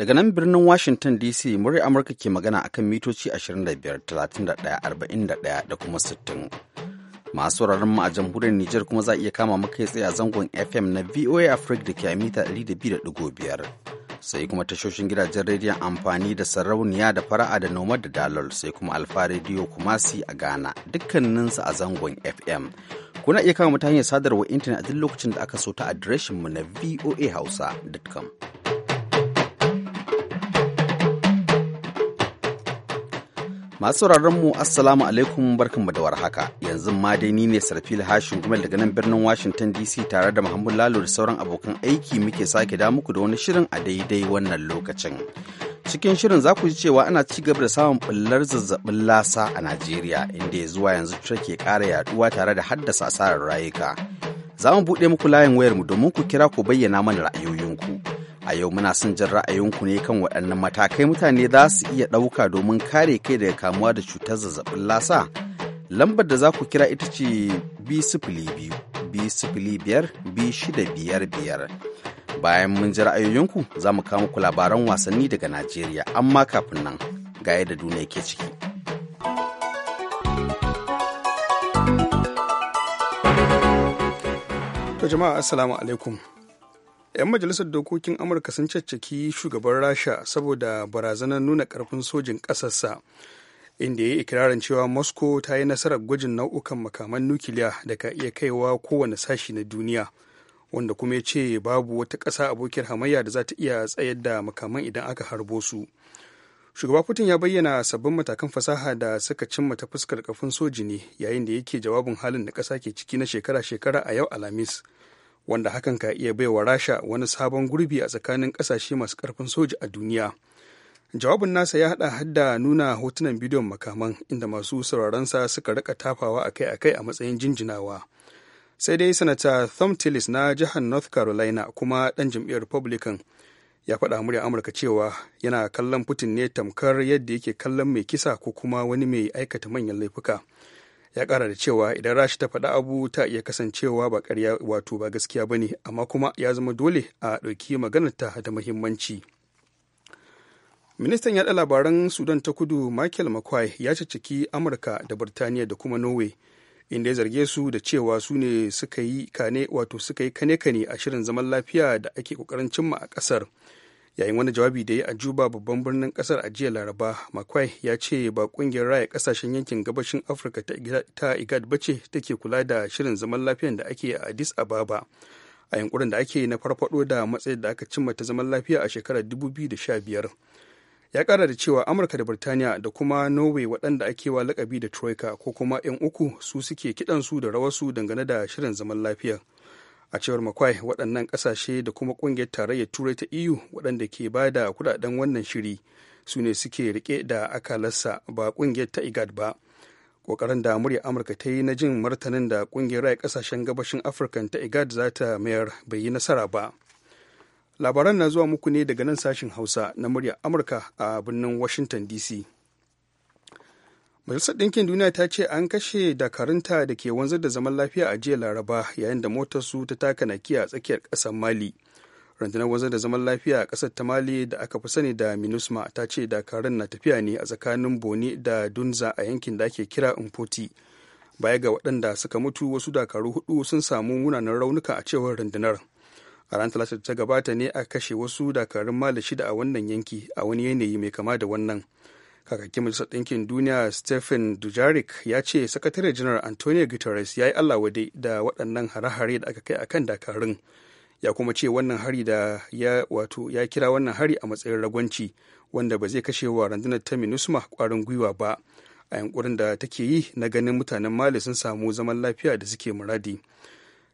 Daga nan birnin Washington DC murya Amurka ke magana akan mitoci 25, 31, 41 da kuma 60. Masu wuraren mu a jamhuriyar Nijar kuma za a iya kama maka tsaye a zangon FM na VOA Africa da ke a mita 200.5. Sai kuma tashoshin gidajen rediyon amfani da sarauniya da fara'a da noma da dalol sai kuma alfa rediyo kumasi a Ghana dukkaninsu a zangon FM. Kuna iya kama mutane sadarwa intanet a duk lokacin da aka so ta adireshinmu na voahausa.com. Masu sauraron mu Assalamu alaikum barkanmu da warhaka. Yanzu ma dai ni ne Sarfil Hashin Gumel daga nan birnin Washington DC tare da Muhammad Lalo da sauran abokan aiki muke sake da muku da wani shirin a daidai wannan lokacin. Cikin shirin za ku ji cewa ana ci gaba da samun bullar zazzabin lasa a Najeriya inda zuwa yanzu take ƙara yaduwa tare da haddasa asarar rayuka. Za mu buɗe muku layin wayarmu domin ku kira ku bayyana mana ra'ayoyinku. A yau muna son jin ra'ayinku ne kan waɗannan matakai mutane za su iya ɗauka domin kare kai daga kamuwa da cutar zazzabin lasa. Lambar da za ku kira ita ce b sifili biyu b biyar b shida biyar biyar. Bayan mun ji ra'ayoyinku za mu kawo muku labaran wasanni daga Najeriya amma kafin nan ga da duniya ke ciki. to jama'a assalamu alaikum 'yan majalisar dokokin amurka sun caccaki shugaban rasha saboda barazanar nuna karfin sojin ƙasarsa inda ya yi ikirarin cewa moscow ta yi nasarar gwajin nau'ukan makaman nukiliya da ka iya kaiwa kowane sashi na duniya wanda kuma ya ce babu wata ƙasa abokiyar hamayya da za ta iya tsayar da makaman idan aka harbo su shugaba putin ya bayyana sabbin matakan fasaha da suka cimma ta fuskar kafin soji ne yayin da yake jawabin halin da ƙasa ke ciki na shekara-shekara a yau alhamis wanda hakan ka iya baiwa rasha wani sabon gurbi a tsakanin kasashe masu karfin soja a duniya jawabin nasa ya hada hadda nuna hotunan bidiyon makaman inda masu sauraron sa suka rika tafawa akai-akai a matsayin jinjinawa sai dai sanata thom tillis na jihar north carolina kuma dan jam'iyyar republican ya faɗa murya amurka cewa yana kallon putin ne tamkar yadda yake kallon mai kisa ko kuma wani mai aikata manyan laifuka ya kara da cewa idan rashi ta faɗi abu ta iya kasancewa ba ƙarya wato ba gaskiya ba ne amma kuma ya zama dole a ɗauki maganar ta da muhimmanci ministan yaɗa labaran sudan ta kudu michael mcquay ya ciki amurka da birtaniya da kuma norway inda ya zarge su da cewa su ne suka yi kane wato suka yi kane kane a shirin zaman lafiya da ake kokarin cimma a ƙasar yayin wani jawabi da ya a juba babban birnin kasar a jiya laraba makwai ya ce ba kungiyar raya kasashen yankin gabashin afirka ta igad bace take kula da shirin zaman lafiyan da ake a addis ababa a yankurin da ake na farfado da matsayin da aka cimma ta zaman lafiya a shekarar 2015 ya kara da cewa amurka da birtaniya da kuma norway waɗanda ake wa lakabi da troika ko kuma 'yan uku su suke kidansu da rawarsu dangane da shirin zaman lafiyar a cewar makwai waɗannan ƙasashe da kuma ƙungiyar tarayyar turai ta eu waɗanda ke ba da kuɗaɗen wannan shiri su ne suke riƙe da akalarsa ba ƙungiyar ta igad ba ƙoƙarin da murya amurka ta yi na jin martanin da ƙungiyar rai ƙasashen gabashin afirka ta igad za ta mayar bai yi nasara ba labaran na zuwa muku ne daga nan sashin hausa na murya amurka a birnin washington dc Majalisar Ɗinkin Duniya ta ce an kashe dakarunta da ke wanzar da zaman lafiya a jiya Laraba yayin da motarsu ta taka nakiya a tsakiyar ƙasar Mali. Rundunar wanzar da zaman lafiya a ƙasar ta Mali da aka fi sani da MINUSMA ta ce dakarun na tafiya ne a tsakanin Boni da Dunza a yankin da ake kira Umfoti. Baya ga waɗanda suka mutu wasu dakaru hudu sun samu munanan raunuka a cewar rundunar. A ran talata ta gabata ne a kashe wasu dakarun Mali shida a wannan yanki a wani yanayi mai kama da wannan. kakakin majalisar ɗinkin duniya stephen dujarik ya ce sakatare janar antonio guterres ya yi allah wade da waɗannan hare-hare da aka kai a kan dakarun ya kuma ce wannan hari da ya wato ya kira wannan hari a matsayin ragwanci wanda ba zai kashe wa rundunar ta minusma kwarin gwiwa ba a yankurin da take yi na ganin mutanen mali sun samu zaman lafiya da suke muradi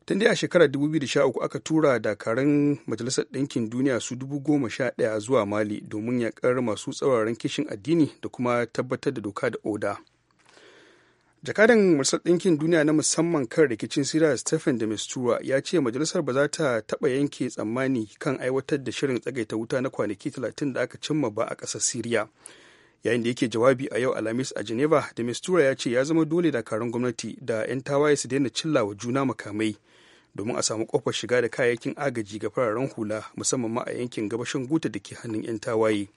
tun dai a shekarar 2013 aka tura dakarun majalisar ɗinkin duniya su 11,000 zuwa mali domin yaƙar masu tsauraran kishin addini da kuma tabbatar da doka da oda jakadan majalisar ɗinkin duniya na musamman kan rikicin siriya stephen de mistura ya ce majalisar ba za ta taɓa yanke tsammani kan aiwatar da shirin tsagaita wuta na kwanaki 30 da aka cimma ba a ƙasar siriya yayin da yake jawabi a yau alhamis a geneva de mistura ya ce ya zama dole dakarun gwamnati da 'yan tawaye su daina cilla wa juna makamai domin a samu kofar shiga da kayayyakin agaji ga fararen hula musamman ma a yankin gabashin guta da ke hannun 'yan tawaye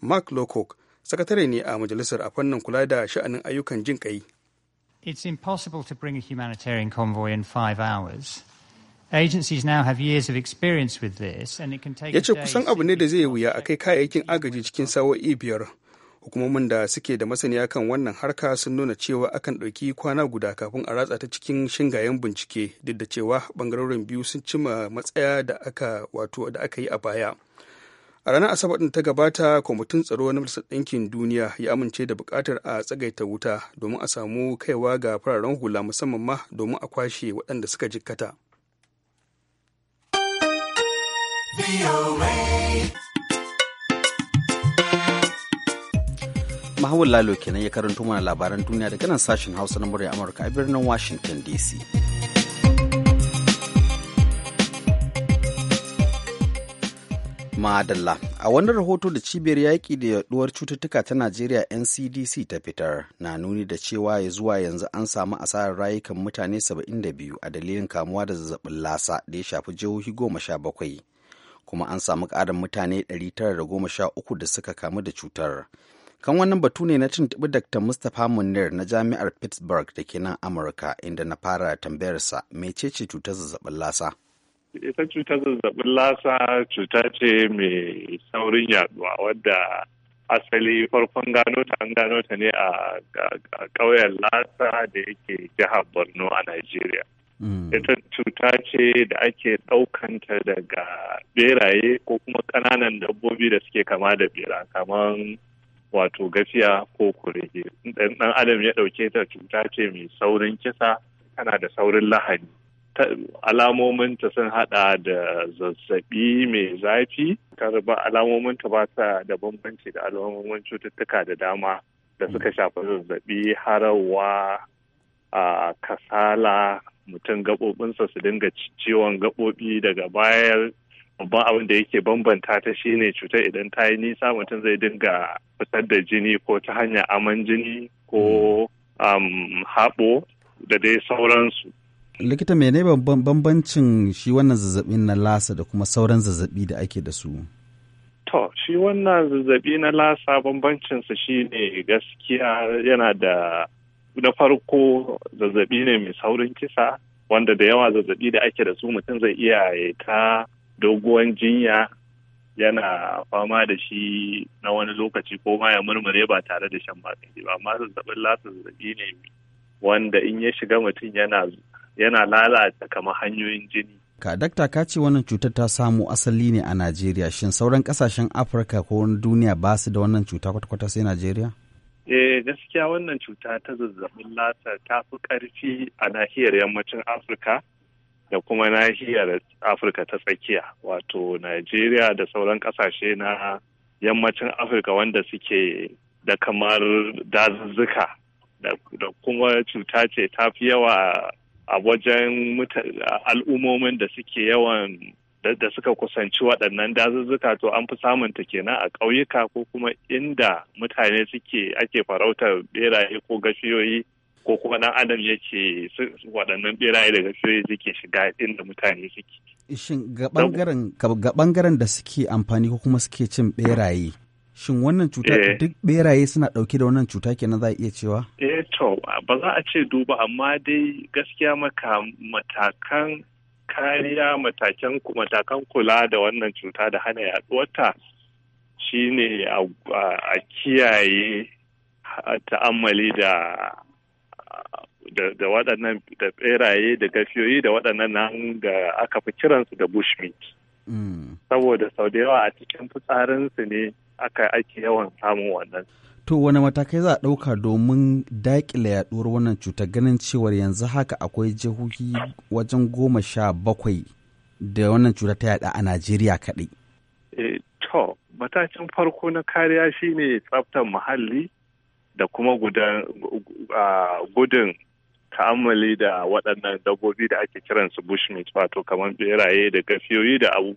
mark lowcock sakatare ne a majalisar a fannin kula da sha'anin ayyukan jin kai It's impossible to bring a humanitarian convoy in five hours. Agencies now have years of experience with this and it can take ce kusan abu ne da zai wuya a kai kayayyakin agaji cikin sawoi biyar hukumomin da suke da masaniya kan wannan harka sun nuna cewa akan ɗauki kwana guda kafin a ratsa ta cikin shingayen bincike duk da cewa ɓangarorin biyu sun cima matsaya da aka wato da aka yi a baya a ranar asabar ta gabata kwamitin tsaro na majalisar ɗinkin duniya ya amince da buƙatar a tsagaita wuta domin a samu kaiwa ga fararen hula musamman ma domin a kwashe waɗanda suka jikkata. Mahawar Lalo kenan ya karanto mana labaran duniya daga nan sashen Hausa na murya Amurka a birnin Washington DC. Madalla, a wani rahoto da cibiyar yaƙi da yaduwar cututtuka ta Najeriya NCDC ta fitar na nuni da cewa ya zuwa yanzu an samu asarar rayukan mutane 72 a dalilin kamuwa da zazzabin lasa da ya shafi jihohi goma sha bakwai. kuma an samu ƙarin mutane 913 da suka kamu da cutar kan wannan batu ne na tuntuɓi dr mustapha munir na jami'ar pittsburgh da ke nan amurka inda na fara tambayarsa mecece cutar zazzabin lasa ita cutar zazzabin lasa cuta ce mai saurin yaduwa wadda asali farkon gano ta an gano ta ne a ƙauyen lasa da yake jihar borno a nigeria hmm. ita cuta ce da ake ɗaukanta daga beraye ko kuma ƙananan dabbobi da suke kama da bera kamar wato gafiya ko kurege dan adam ya ɗauke ta cuta ce mai saurin kisa tana da saurin lahani alamominta sun hada da zazzabi mai zafi ba alamominta ba ta da bambanci da alamomin cututtuka da dama da suka shafa zazzabi harawa a kasala mutum gaɓoɓinsa su dinga ciwon gaɓoɓi daga bayan babban abin da yake bambanta ta shine cutar idan ta yi nisa mutum zai dinga fitar da jini ko ta hanyar aman jini ko um, haɓo da dai sauransu. likita mene bambancin shi wannan zazzaɓi na lasa da kuma sauran zazzabi da ake da su to shi wannan zazzabi na lasa bambancinsa ne gaskiya yana da na farko zazzabi ne mai saurin kisa wanda da yawa zazzabi da ake da su mutum zai iya ta doguwan jinya yana fama da shi na wani lokaci ko ma ya murmure ba tare da shan magani ba amma zazzabin lasa zazzabi ne wanda in ya shiga mutum yana yana lalata kamar hanyoyin jini ka dakta ka ce wannan cutar ta samu asali ne a najeriya shin sauran kasashen afirka ko wani duniya ba su da wannan cuta kwata sai najeriya eh gaskiya wannan cuta ta zazzabin lasa ta fi karfi a nahiyar yammacin afirka da kuma nahiyar afirka ta tsakiya wato najeriya da sauran kasashe na yammacin afirka wanda suke da kamar dazuzzuka da kuma cuta ce ta fi yawa a wajen al'ummomin da suke yawan da suka kusanci waɗannan dazuzzuka to an fi samun ta kenan a ƙauyuka ko kuma inda mutane suke ake farautar beraye ko gashiyoyi ko kuma dan adam ya yake waɗannan ɓeraye daga sai suke shiga inda mutane suke shin ga ɓangaren da suke amfani ko kuma suke cin ɓeraye, shin wannan cuta eh. duk ɓeraye suna ɗauki da wannan cuta kenan za a iya cewa eh to ba za a ce duba amma dai gaskiya maka matakan kariya matakan matakan kula da wannan cuta da hana yaduwarta shine a kiyaye ta'ammali da da waɗannan da beraye da gafiyoyi da waɗannan nan da aka fi kiransu da bushmeat mm. saboda sau da yawa a cikin fitsarinsu ne aka ake yawan samun wannan to wani matakai za a ɗauka domin daƙile yaɗuwar wannan cutar ganin cewar yanzu haka akwai jihohi wajen goma sha bakwai da wannan cuta ta yaɗa a najeriya kaɗai eh, to matakin farko na kariya shine tsaftar muhalli da kuma gudun ta'ammali da waɗannan dabbobi da ake kiransu bushmeat wato kamar beraye da gafiyoyi da abu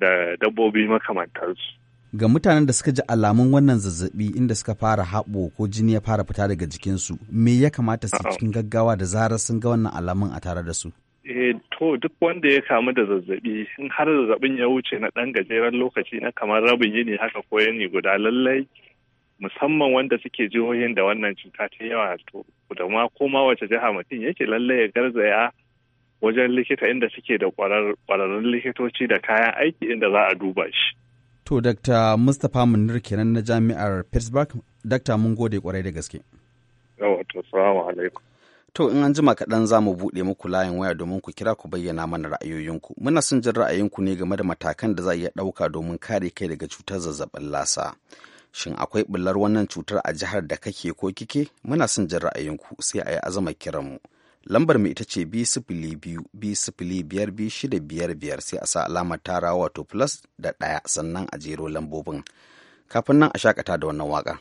da dabbobi makamantarsu. Ga mutanen da suka ji alamun wannan zazzabi inda suka fara haɓo ko jini ya fara fita daga jikinsu, me ya kamata su uh-huh. cikin gaggawa da zarar sun ga wannan alamun a tare da su? Eh, to duk wanda ya kamu da zazzabi in har zazzabin ya wuce na ɗan gajeren lokaci na kamar rabin yini haka ko yini guda lallai musamman wanda suke jihohin da wannan cuta ta yawa to da ma koma wace jiha mutum yake lalle ya garzaya wajen likita inda suke da kwararrun likitoci da kayan aiki inda za a duba shi. To, Dr. Mustapha Munir kenan na Jami'ar Pittsburgh, Dr. mun gode kwarai da gaske. Yawa, to, salamu alaikum. To, in an jima kaɗan za mu buɗe muku layin waya domin ku kira ku bayyana mana ra'ayoyinku. Muna son jin ra'ayinku ne game da matakan da za a iya ɗauka domin kare kai daga cutar zazzabin lasa. Shin akwai bular wannan cutar a jihar da kake ko kike? Muna son jin ra'ayinku sai a yi azama kiranmu. Lambar mu ita ce b sifili biyu b sifili biyar b shida biyar biyar sai a sa alamar tara wato plus da ɗaya sannan a jero lambobin. Kafin nan a shakata da wannan waka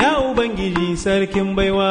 Ya Ubangiji sarkin baiwa.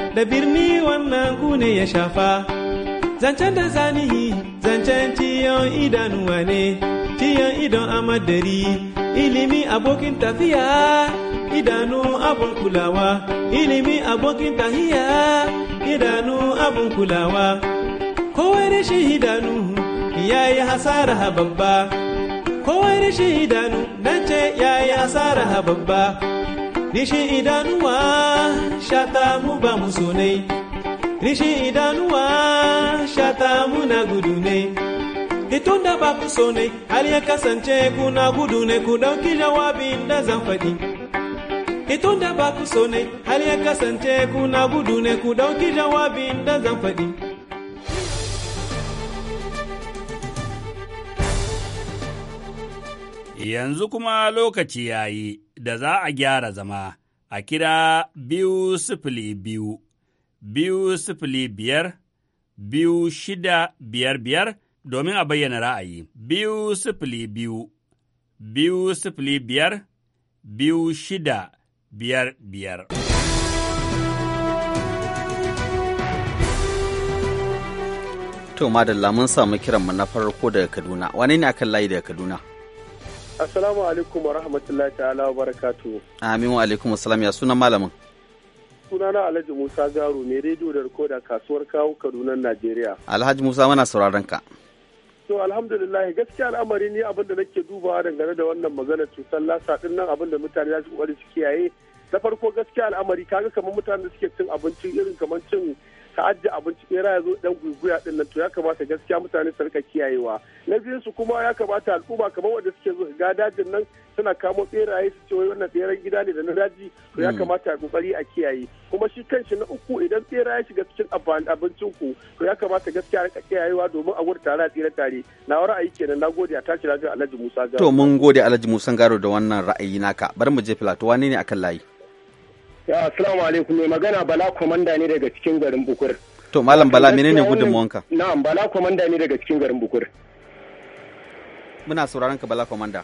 da birni wannan gune ya shafa zancen da zanihi zancen ciyon idanuwa ne ciyon idon amadari ilimi abokin tafiya idanu abun kulawa ilimi abokin tahiya idanu abun kulawa kowai rashin idanu ya yi hasara babba kowai shi idanu nan ce ya yi hasara babba Rishi idanuwa shata mu ba mu so rishi idanuwa shata mu na gudu ne. Itun da ba ku so ne, ya kasance na gudu ne ku dauki jawabi da zan faɗi. Itun da ba ku so ne, ya kasance na gudu ne ku dauki jawabi da zan faɗi. yanzu kuma lokaci ya yi da za a gyara zama a kira biyu sifili biyu, biyu sifili biyar, biyu shida biyar biyar domin a bayyana ra'ayi, biyu sifili biyu, biyu sifili biyar, biyu shida biyar biyar. To, madalla mun samu kiranmu na farko daga Kaduna, wane ne akan layi daga Kaduna? Assalamu alaikum wa rahmatullahi ta'ala wa barakatu. Amin wa alaikum assalam ya sunan malamin. Sunana Alhaji Musa Garu mai rediyo da rikoda kasuwar kawo Kaduna Najeriya. Alhaji Musa muna sauraron ka. To alhamdulillah gaskiya al'amari ne abin da nake dubawa dangane da wannan magana cutar lasa din nan abin da mutane za su kokari su kiyaye. Na farko gaskiya al'amari kaga kamar mutane suke cin abincin irin kamar cin ka ajiye abinci bera ya zo dan guguya ɗin nan to ya kamata gaskiya mutane su rika kiyayewa na biyun su kuma ya kamata al'umma kamar wanda suke zo ga dajin nan suna kamo ɓeraye su ce wannan tseren gida ne da na daji to ya hmm. kamata a kokari a kiyaye kuma shi kanshi na uku idan tsera ya shiga cikin abincin ku to ya kamata gaskiya rika kiyayewa domin a wurin tare a tsere tare na ra'ayi kenan na gode a tashi lafiya Alhaji Musa Garo to mun gode Alhaji Musa Garo da wannan ra'ayi naka bari mu je filato wane ne akan layi Assalamu alaikum mai magana Bala Komanda ne daga cikin garin Bukur. To Malam Bala menene gudunmuwanka? Na'am Bala Komanda ne daga cikin garin Bukur. Muna sauraron ka Bala Komanda.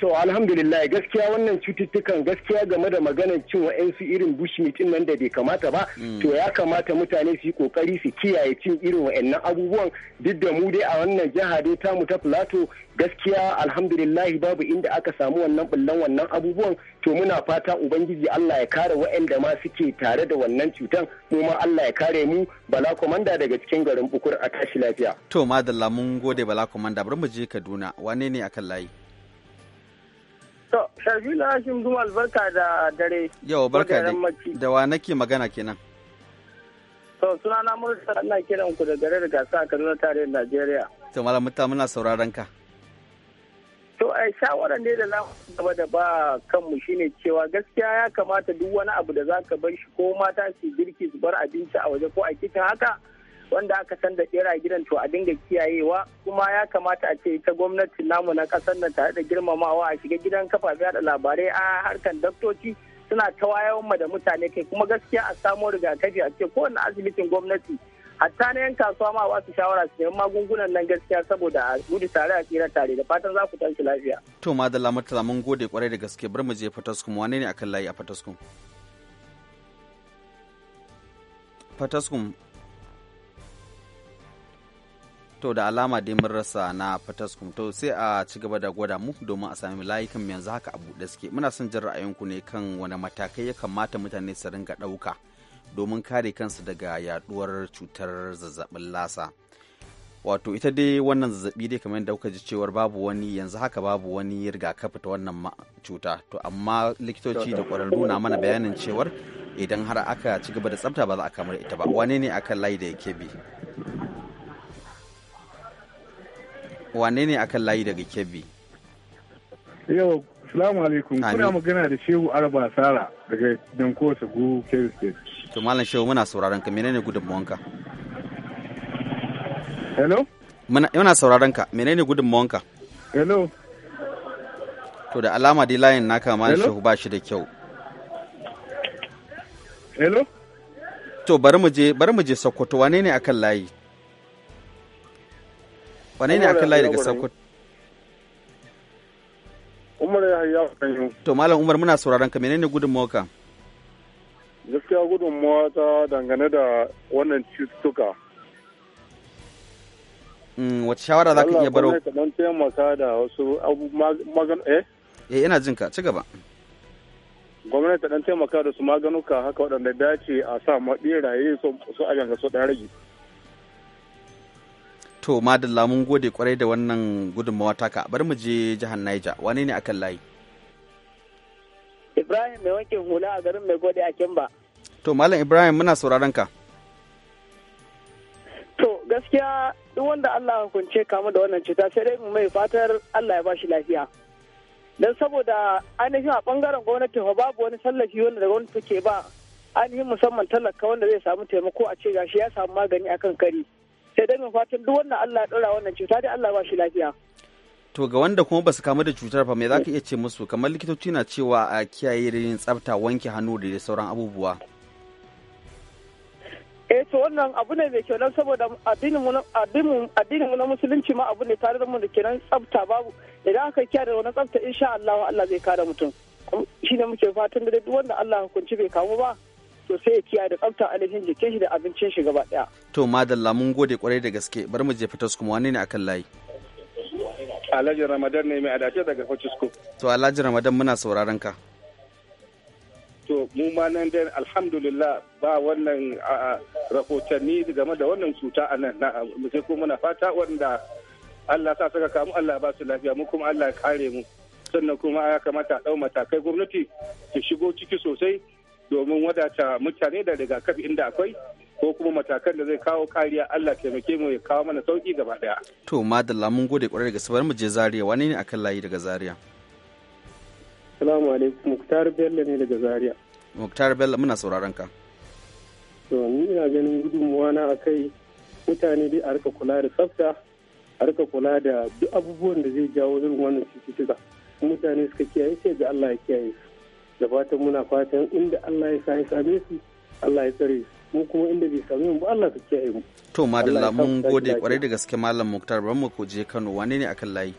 To alhamdulillah gaskiya wannan cututtukan gaskiya game da maganar cin wa'ansu irin bushmeat nan da bai kamata ba mm. to ya kamata mutane su yi kokari su kiyaye cin irin wa'annan abubuwan duk da mu dai a wannan jiha dai tamu ta plato gaskiya alhamdulillah babu inda aka samu wannan bullan wannan abubuwan to muna fata ubangiji Allah ya kare wa'anda ma suke tare da wannan cutan mu ma Allah ya kare mu Bala Komanda daga cikin garin Bukur a tashi lafiya. To madalla mun gode Bala Komanda bari mu je Kaduna wane ne akan layi? Sharfila Hashim zuma albarka da dare. Yau, barka da wa nake magana kenan. To, suna na murta Allah kiran ku da gare da gasa a Kaduna da Najeriya. To, malam muta muna sauraron ka. To, ai shawarar ne da na gaba da ba kanmu shine cewa gaskiya ya kamata duk wani abu da zaka bar shi ko mata su girki su bar abinci a waje ko a kitchen haka. wanda aka san da bera gidan to a dinga kiyayewa kuma ya kamata a ce ta gwamnati namu na kasar nan tare da girmamawa a shiga gidan kafafen yada labarai a harkan daktoci suna ta tawayawan da mutane kai kuma gaskiya a samo rigakafi a ce kowane asibitin gwamnati hatta na yan kasuwa ma ba su shawara su nemi magungunan nan gaskiya saboda a gudu tare a tsira tare da fatan za ku tashi lafiya. To madalla murtala mun gode kwarai da gaske bar mu je Fataskum wane ne akan layi a Fataskum? Fataskum to da alama dai mun rasa na fataskum to sai a ci gaba da gwada mu domin a sami layukan yanzu haka a buɗe suke muna son jin ra'ayinku ne kan wani matakai ya kamata mutane su ringa ɗauka domin kare kansu daga yaduwar cutar zazzabin lasa wato ita dai wannan zazzabi dai kamar yadda kuka ji cewar babu wani yanzu haka babu wani rigakafi ta wannan cuta to amma likitoci da ƙwararru na mana bayanin cewar idan har aka ci gaba da tsafta ba za a kamar ita ba wane ne akan layi da yake bi wane ne akan layi daga kebbi yau salamu alaikum kuna magana da shehu araba sara daga danko sagu kebbi state to malam shehu muna sauraron ka menene gudunmuwanka hello muna sauraron ka menene gudunmuwanka hello to da alama dai layin naka malam shehu ba shi da kyau hello to bari mu je bari mu je sokoto wane ne akan layi wane ne akan layi daga Sokoto Umar ya hayya kanyu to malam Umar muna sauraron ka menene gudun ka gaskiya gudun ta dangane da wannan cututtuka mm, wace shawara za ka iya baro Allah kuma taimaka da wasu magan eh eh ina jin ka ci gaba gwamnati ta dan taimaka da su maganuka haka waɗanda dace a sa maɗeraye su ganga su ɗan rage To madalla mun gode kwarai da wannan gudunmawa taka bari mu je jihar Niger wane ne akan layi? Ibrahim mai wankin hula a garin mai gode a Kimba. To Malam Ibrahim muna sauraron ka. To gaskiya duk wanda Allah ya hukunce kamu da wannan cuta sai dai mu mai fatar Allah ya ba shi lafiya. dan saboda ainihin a bangaren gwamnati babu wani tallafi wanda daga wani take ba ainihin musamman talaka wanda zai samu taimako a ce gashi ya samu magani akan kari. sai dai mai fatan duk wannan Allah ya ɗora wannan cuta dai Allah ba shi lafiya. To ga wanda kuma ba su kamu da cutar fa mai za ka iya ce musu kamar likitoci na cewa a kiyaye da yin tsafta wanke hannu da sauran abubuwa. eh to wannan abu ne mai kyau saboda addinin mu na musulunci ma abu ne tare da mu da kenan tsafta babu idan aka kiyaye da wani tsafta insha Allah Allah zai kare mutum shi ne muke fatan da duk wanda Allah hukunci bai kamu ba to sai ya kiyaye da tsafta a alifin jikin shi da abincin shi gaba daya to madalla mun gode kwarai da gaske bari mu je su kuma wane ne akan layi Alhaji Ramadan ne mai adace daga Francisco. To Alhaji Ramadan muna sauraron ka. To mu ma nan dai alhamdulillah ba wannan rahotanni game da wannan cuta a nan sai ko muna fata wanda Allah sa saka kamu Allah ba su lafiya mu kuma Allah ya kare mu sannan kuma ya kamata a ɗau matakai gwamnati ta shigo ciki sosai domin wadata mutane da rigakafi inda akwai ko kuma matakan da zai kawo kariya Allah taimake mu ya kawo mana sauki gaba daya. To madalla mun gode kwarai daga sabar mu je Zaria wani ne akan layi daga Zaria? Assalamu alaikum Muktar Bello ne daga Zaria. Muktar Bello muna sauraron ka. To ni ina ganin gudunmuwa na akai mutane dai a rika kula da tsafta a rika kula da duk abubuwan da zai jawo irin wannan cututtuka. Mutane suka kiyaye sai ga Allah ya kiyaye su. da fatan muna fatan inda Allah ya sa ya same su Allah ya tsare su mu kuma inda bai same mu ba Allah ka kiyaye mu to madalla mun gode kwarai da gaske malam Muktar ban mu ko je Kano wane ne akan layi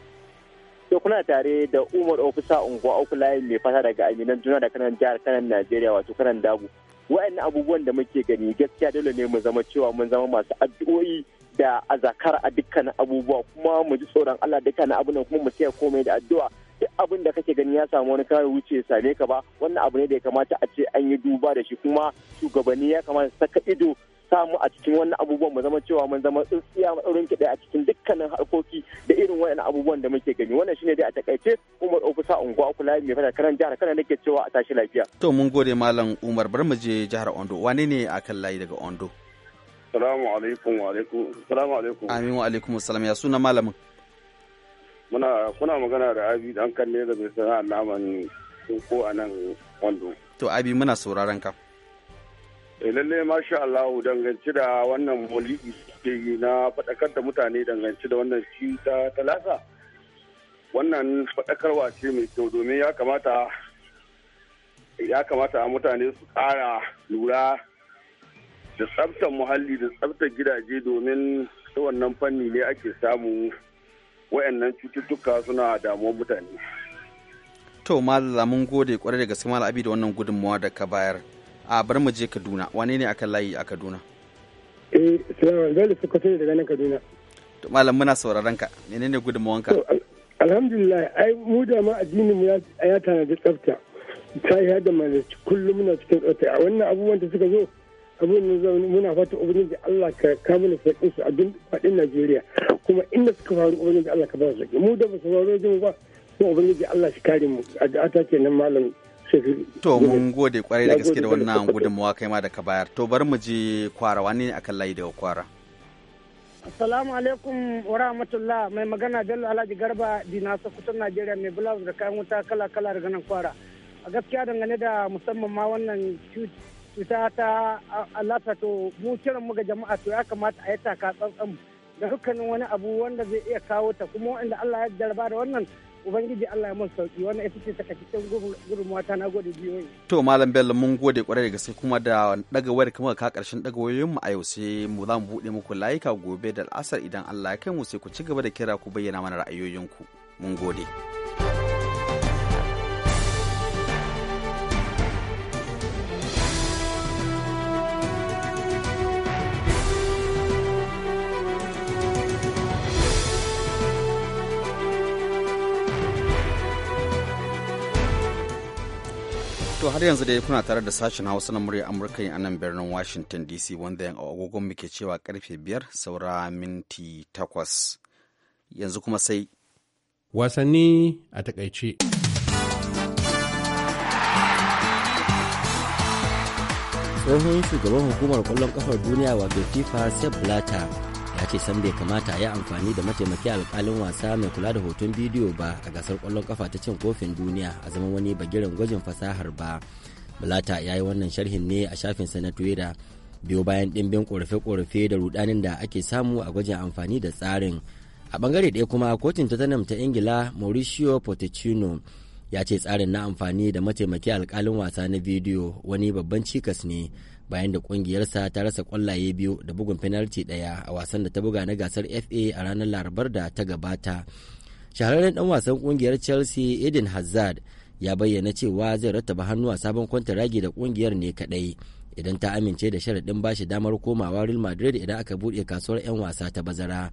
to kuna tare da Umar Ofisa Unguwa Okulayi mai fata daga Aminan Juna da kanan jihar kanan Najeriya wato kanan Dabu wa'annan abubuwan da muke gani gaskiya dole ne mu zama cewa mun zama masu addu'o'i da azakar a dukkanin abubuwa kuma mu ji tsoron Allah dukkanin nan kuma mu tsaya komai da addu'a duk abin da kake gani ya samu wani kawai wuce ya same ka ba wannan abu ne da ya kamata a ce an yi duba da shi kuma shugabanni ya kamata saka ido samu a cikin wannan abubuwan mu zama cewa mun zama tsintsiya maɗaurin kiɗa a cikin dukkanin harkoki da irin waɗannan abubuwan da muke gani wannan shine dai a takaice Umar Ofisa Unguwa kula mai fada karan jihar Kano nake cewa a tashi lafiya to mun gode malam Umar bar mu je jihar Ondo wane ne akan layi daga Ondo Assalamu alaikum wa alaikum assalamu alaikum Amin wa alaikum salam ya suna malamin muna kuna magana da abi dan kan ne da bai san alaman ko a nan wando to abi muna sauraron ka eh lalle masha Allah danganci da wannan maulidi suke yi na faɗakar da mutane danganci da wannan ci ta talata wannan faɗakar ce mai kyau domin ya kamata ya kamata mutane su ƙara lura da tsabtar muhalli da tsabtar gidaje domin wannan fanni ne ake samu wayannan cututtuka suna damuwar mutane to malala mun gode kwarai da gaske malala abi da wannan gudunmawa da ka bayar a bar mu je kaduna wane ne aka layi a kaduna eh salamu dole su kwato daga nan kaduna to malam muna sauraron ka menene ka? alhamdulillah ai mu da ma addinin mu ya tanadi tsafta ta yi da malaci kullum muna cikin tsafta a wannan abubuwan da suka zo abin da zan muna fata ubangiji Allah ka kamuna sauƙin su a duk faɗin Najeriya kuma inda suka faru ubangiji Allah ka ba su mu da ba su faru da mu ba kuma ubangiji Allah shi kare mu a da ta nan malam To mun gode kwarai da gaske da wannan gudunmawa kai ma da ka bayar. To bar mu je kwara wani akan layi daga kwara. Assalamu alaikum wa rahmatullah mai magana Bello Alhaji Garba Dinasa kusan Najeriya mai blouse da kayan wuta kala kala daga nan kwara. A gaskiya dangane da musamman ma wannan ita ta ta to mu kiran mu ga jama'a to ya kamata a yi taka tsantsan da dukkanin wani abu wanda zai iya kawo ta kuma wanda Allah ya jarba da wannan ubangiji Allah ya mun sauki wannan ita ce takaitaccen gudunmuwa ta nagode biyoyi to malam bello mun gode kwarai da sai kuma da daga wayar kuma ka karshen daga wayoyin mu a yau sai mu za mu bude muku layuka gobe da al'asar idan Allah ya kai mu sai ku ci gaba da kira ku bayyana mana ra'ayoyinku mun gode. To har yanzu dai kuna tare da sashen Hausa na murya Amurka a nan birnin Washington DC wanda yan agogon muke cewa karfe biyar saura minti takwas. Yanzu kuma sai. Wasanni a takaice. Tsohon shugaban hukumar kwallon kafar duniya wato FIFA Sepp Blatter ce san bai kamata a yi amfani da mataimaki alkalin wasa mai kula da hoton bidiyo ba a gasar kwallon kafa ta cin kofin duniya a zaman wani bagiren gwajin fasahar ba bulata ya yi wannan sharhin ne a shafin na twitter biyo bayan dimbin korafe-korafe da rudanin da ake samu a gwajin amfani da tsarin a bangare ɗaya kuma kotun tottenham ta ingila mauricio pochettino ya ce tsarin na amfani da mataimaki alkalin wasa na bidiyo wani babban cikas ne bayan da kungiyarsa ta rasa kwallaye biyu da bugun fenalti daya a wasan da ta buga na gasar fa a ranar larabar da ta gabata shahararren dan wasan kungiyar chelsea eden hazard ya bayyana cewa zai rattaba hannu a sabon kwantaragi da kungiyar ne kadai idan ta amince da sharaɗin bashi damar komawa real madrid idan aka buɗe kasuwar 'yan wasa ta bazara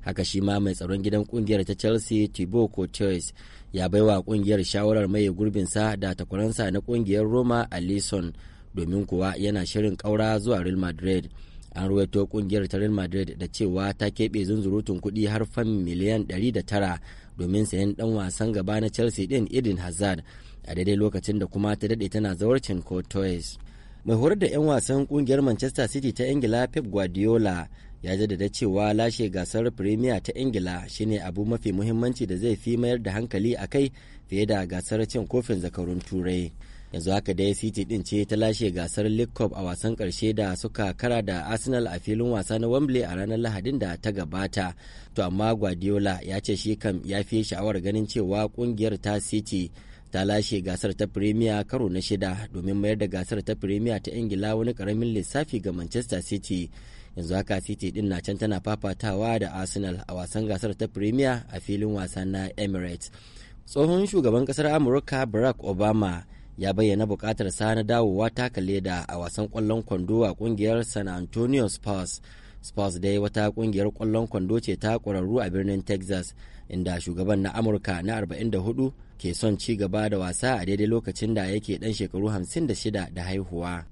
haka shi ma mai tsaron gidan kungiyar ta chelsea thibaut courtois ya baiwa kungiyar shawarar mai gurbinsa da takwaransa na kungiyar roma a alison domin kuwa yana shirin kaura zuwa real madrid an ruwaito kungiyar ta real madrid da cewa ta keɓe zunzurutun kuɗi har fan miliyan tara domin sayan ɗan wasan gaba na chelsea din eden hazard a daidai lokacin da kuma ta daɗe tana zawarcin Toys. mai horar da 'yan wasan kungiyar manchester city ta ingila pep guardiola ya jaddada cewa lashe gasar firimiya ta ingila shine abu mafi muhimmanci da zai fi mayar da hankali a kai fiye da gasar cin kofin zakarun turai yanzu haka dai city din ce ta lashe gasar league cup a wasan karshe da suka kara da arsenal a filin wasa na wembley a ranar lahadin da ta gabata to amma guardiola ya ce shi kam ya fi sha'awar ganin cewa kungiyar ta city ta lashe gasar ta premier karo na shida domin mayar da gasar ta premier ta ingila wani karamin lissafi ga manchester city yanzu haka city din na can tana fafatawa da arsenal a wasan gasar ta premier a filin wasa na emirates tsohon shugaban kasar amurka barack obama ya bayyana bukatar sa na dawowa taka leda a wasan kwallon kwando a kungiyar san antonio spurs spurs dai wata kungiyar kwallon kwando ce ta kwararru a birnin texas inda shugaban na amurka na 44 ke son ci gaba da wasa a daidai lokacin da yake dan shekaru 56 da haihuwa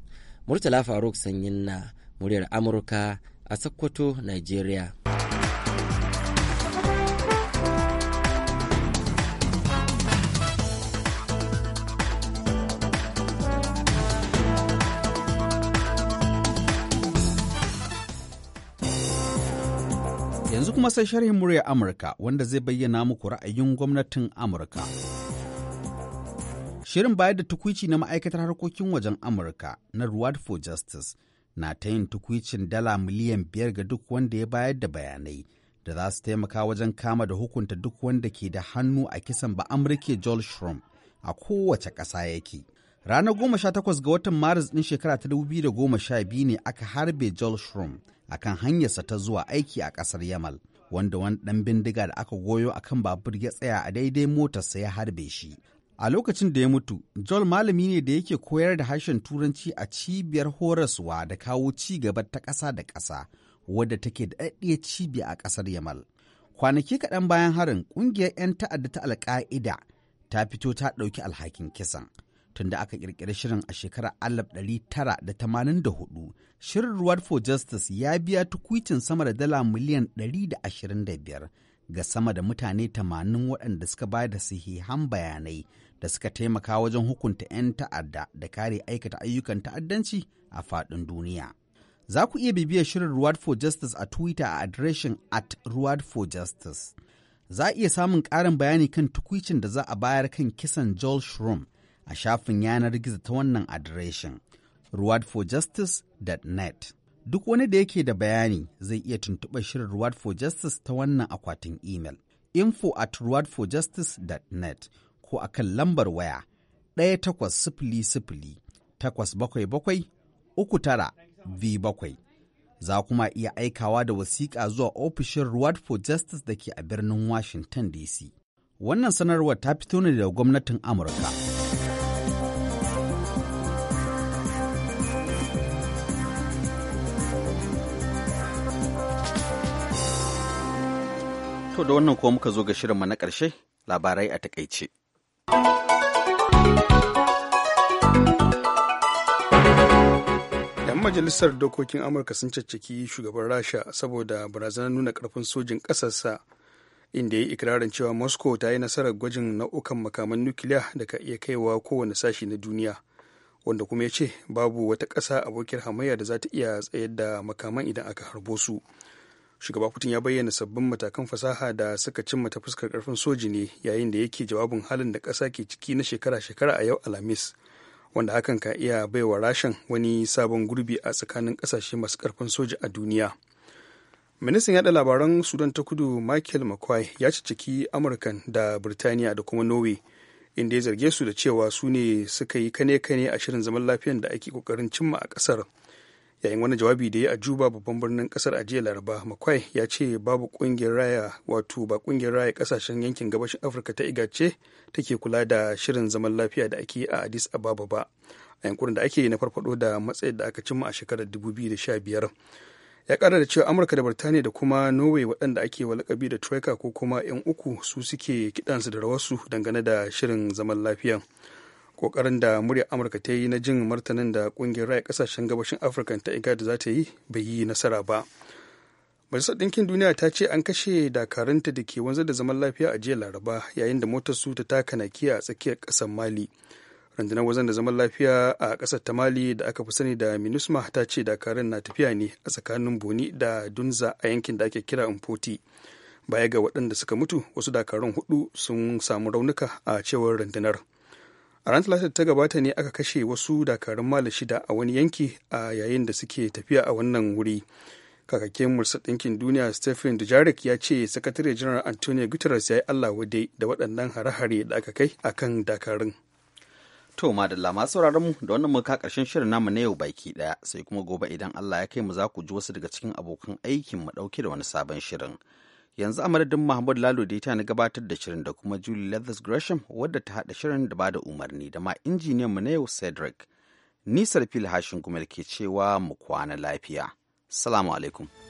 murtala faruk sanyin na muryar amurka a sokoto nigeria yanzu kuma sai sharhin muryar amurka wanda zai bayyana muku ra'ayin gwamnatin amurka shirin bayar da tukuici na ma'aikatar harkokin wajen amurka na reward for justice na ta yin tukwicin dala miliyan biyar ga duk wanda ya bayar da bayanai da za su taimaka wajen kama da hukunta duk wanda ke da hannu a kisan ba amurke joel shrum a kowace ƙasa yake ranar goma sha takwas ga watan maris ɗin shekara ta dubu biyu da goma sha biyu ne aka harbe joel shrum akan hanyarsa ta zuwa aiki a ƙasar yamal wanda wani ɗan bindiga da aka goyo akan babur ya tsaya a daidai motarsa ya harbe shi A lokacin da ya mutu, Joel malami ne da yake koyar da harshen Turanci a cibiyar horaswa da kawo ci gaba ta ƙasa da ƙasa, wadda take da ɗaɗɗiyar cibiya a ƙasar Yamal. Kwanaki kaɗan bayan harin, ƙungiyar 'yan ta'adda ta Alƙa'ida ta fito ta ɗauki alhakin kisan. Tunda aka ƙirƙiri shirin a shekarar hudu, shirin Reward for Justice ya biya tukwicin sama da dala miliyan ɗari da da ashirin biyar ga sama da mutane tamanin waɗanda suka bayar da sahihan bayanai da suka taimaka wajen hukunta 'yan ta'adda da kare aikata ayyukan ta'addanci a faɗin duniya. Za ku iya bibiyar shirin Ruwad for Justice a Twitter a adireshin at Ruwad for Justice. Za a iya samun ƙarin bayani kan tukwicin da za a bayar kan kisan Joel Shroom a shafin yanar gizo ta wannan adireshin ruwadforjustice.net. Duk wani da yake da bayani zai iya tuntuɓar shirin Ruwad for Justice ta wannan akwatin imel info at ruwadforjustice.net ko a kan lambar waya ɗaya takwas sifili sifili takwas bakwai bakwai uku tara v bakwai. Za kuma iya aikawa da wasiƙa zuwa ofishin Reward for Justice da ke a birnin Washington DC. Wannan sanarwar ta fito ne daga gwamnatin Amurka. To da wannan kuma muka zo ga shirinmu na ƙarshe labarai a takaice. 'yan majalisar dokokin amurka sun caccaki shugaban rasha saboda barazanar nuna karfin sojin ƙasarsa inda ya yi ikirarin cewa moscow ta yi nasarar gwajin nau'ukan makaman nukiliya da ka iya kaiwa kowane sashi na duniya wanda kuma ya ce babu wata ƙasa abokiyar hamayya da za ta iya tsayar da makaman idan aka harbo su shugaba putin ya bayyana sabbin matakan fasaha da suka cimma ta fuskar karfin soji ne yayin da yake jawabin halin da ƙasa ke ciki na shekara-shekara a yau alhamis wanda hakan ka iya baiwa rashin wani sabon gurbi a tsakanin ƙasashe masu karfin soji a duniya ministan yaɗa labaran sudan ta kudu michael mccoy ya ciki amurkan da birtaniya da kuma norway inda ya zarge su da cewa su ne suka yi kane-kane a shirin zaman lafiyan da ake kokarin cimma a ƙasar yayin wani jawabi da ya a juba babban birnin kasar a jiya laraba makwai ya ce babu kungiyar raya wato ba kungiyar raya kasashen yankin gabashin afirka ta igace take kula da shirin zaman lafiya da ake a addis ababa ba a yankunan da ake na farfado da matsayin da aka cimma a shekarar 2015 ya kara da cewa amurka da birtaniya da kuma norway waɗanda ake walakabi da troika ko kuma yan uku su suke kidansu da rawarsu dangane da shirin zaman lafiyan. kokarin da muryar amurka ta yi na jin martanin da kungiyar raya kasashen gabashin afirka ta iga da za ta yi bai yi nasara ba majalisar ɗinkin duniya ta ce an kashe dakaranta da ke wanzar da zaman lafiya a jiya laraba yayin da motar su ta taka nakiya a tsakiyar ƙasar mali rundunar wanzar da zaman lafiya a ƙasar ta mali da aka fi sani da minusma ta ce dakarun na tafiya ne a tsakanin boni da dunza a yankin da ake kira umfoti baya ga waɗanda suka mutu wasu dakarun hudu sun samu raunuka a cewar rundunar a ran talatar ta gabata ne aka kashe wasu dakarun mala shida a wani yanki a yayin da suke tafiya a wannan wuri kakakin mursa ɗinkin duniya stephen dujarik ya ce sakatare janar antonio guterres ya yi allah wadai da waɗannan hare-hare da aka kai a kan dakarun to madalla masu sauraron mu da wannan muka karshen shirin namu na yau baki daya sai kuma gobe idan allah ya kai mu za ku ji wasu daga cikin abokan aikin mu ɗauke da wani sabon shirin yanzu a madadin mahmud lalo da ita na gabatar da shirin da kuma julie leathers gresham wadda ta haɗa shirin da bada umarni da ma injiniyan mu na yau cedric nisar fil hashin kuma ke cewa mu kwana lafiya salamu alaikum